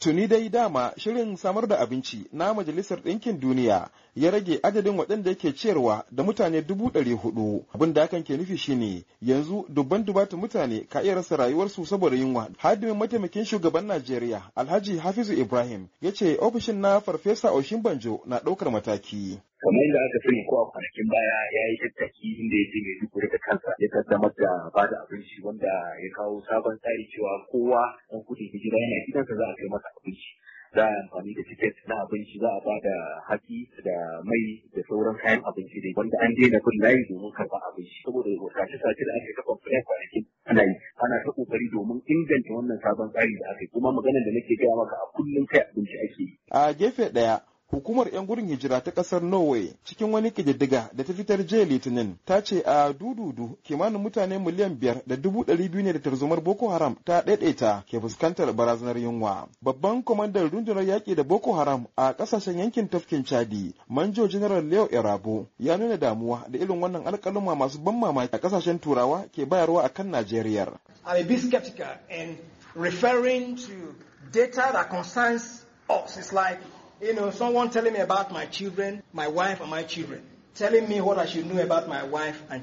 Tuni dai dama shirin samar da abinci na Majalisar Ɗinkin Duniya ya rage adadin waɗanda yake ciyarwa da mutane dubu ɗari hudu. Abin da hakan ke nufi shine yanzu dubban ta mutane ka iya rasa rayuwarsu saboda yunwa. Hadimin mataimakin shugaban Najeriya Alhaji Hafizu Ibrahim ya ce ofishin na Farfesa Oshin Banjo na ɗaukar mataki. kamar yadda aka sani ko a kwanakin baya ya yi tattaki inda ya je mai duk da kansa ya kaddamar da ba da abinci wanda ya kawo sabon tsari cewa kowa ɗan ta gida yana gidansa za a kai masa abinci za a amfani da tiket na abinci za a ba da haki da mai da sauran kayan abinci dai wanda an daina kun layi domin karɓa abinci saboda wakace sace da ake kafa fulai kwanakin ana yi ana ta kokari domin inganta wannan sabon tsari da aka yi kuma maganar da nake gaya maka a kullum kai abinci ake yi. a gefe ɗaya Hukumar 'yan gudun hijira ta ƙasar Norway cikin wani kididdiga da ta fitar jiya Litinin ta ce a dududu kimanin mutane miliyan biyar da dubu ɗari biyu ne da tarzomar Boko Haram ta ɗaiɗaita ke fuskantar barazanar yunwa. Babban kwamandan rundunar yaƙi da Boko Haram a ƙasashen yankin tafkin Chadi, Manjo General Leo Erabo ya nuna damuwa da irin wannan alƙaluma masu ban mamaki a ƙasashen Turawa ke bayarwa kan Najeriya. I'm a bit skeptical in referring to data that concerns us. It's like you know, someone telling me about my children, my wife and my children.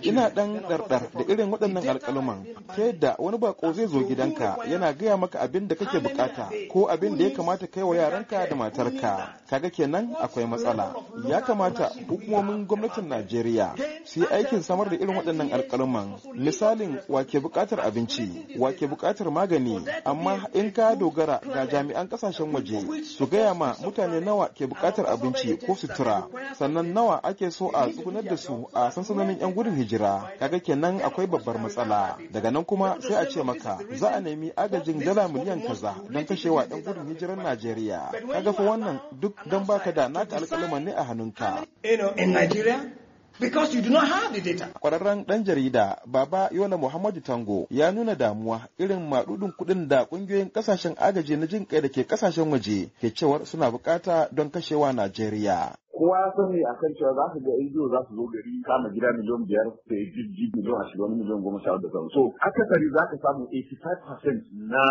Ina ɗan ɗarɗar da irin waɗannan alƙaluman ta yadda wani bako zai zo gidanka yana gaya maka abin da kake bukata ko abin da ya kamata kai wa yaranka da matarka. Kaga kenan akwai matsala. Ya kamata hukumomin gwamnatin Najeriya su yi aikin samar da irin waɗannan alƙaluman. Misalin wake buƙatar abinci, wake buƙatar magani, amma in ka dogara ga jami'an ƙasashen waje su gaya ma mutane nawa ke buƙatar abinci ko sutura, sannan nawa ake so a tsugunar da su a sansanonin 'yan gudun hijira kaga kenan akwai babbar matsala daga nan kuma sai a ce maka za a nemi agajin dala miliyan kaza don kashewa 'yan gudun hijiran najeriya kaga fa wannan duk don baka da naka alkalaman ne a hannunka because you do not have the data. Kwararren ɗan jarida Baba Yona Muhammadu Tango ya nuna damuwa irin maɗuɗin kuɗin da ƙungiyoyin ƙasashen agaji na jin ƙai da ke ƙasashen waje ke cewar suna buƙata don kashewa Najeriya. kowa ya sani a kan cewa za ka ga ido za su zo gari kama gida miliyan biyar sai jirgi miliyan ashirin wani miliyan goma sha da sauran. So akasari za ka samu 85% na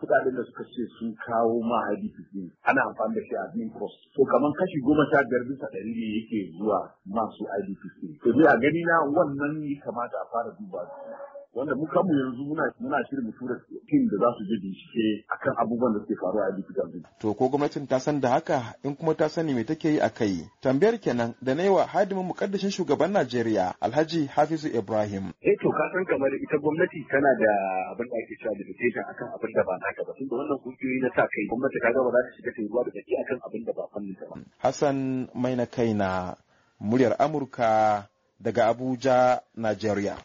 kudaden da suka ce sun kawo ma hadisi din ana amfani da shi a admin cost So kamar kashi goma sha biyar bisa ɗari ne yake zuwa masu IDPC to a gani na wannan ne kamata a fara duba wanda mu kanmu yanzu muna muna shirin tura tim da za su je bincike akan abubuwan da suke faruwa a Bitigan. To ko gwamnatin ta san da haka in kuma ta sani me take yi a kai? Tambayar kenan da na yi wa hadimin mukaddashin shugaban Najeriya Alhaji Hafizu Ibrahim. Eh to ka san kamar ita gwamnati tana da abin da ake cewa akan abin da ba naka ba tunda wannan kungiyoyi na sa kai gwamnati ta gaba za ta shiga tunzuwa da tsaki akan abin da ba fannin ta ba. Hassan Maina Kaina muryar Amurka daga Abuja, Najeriya.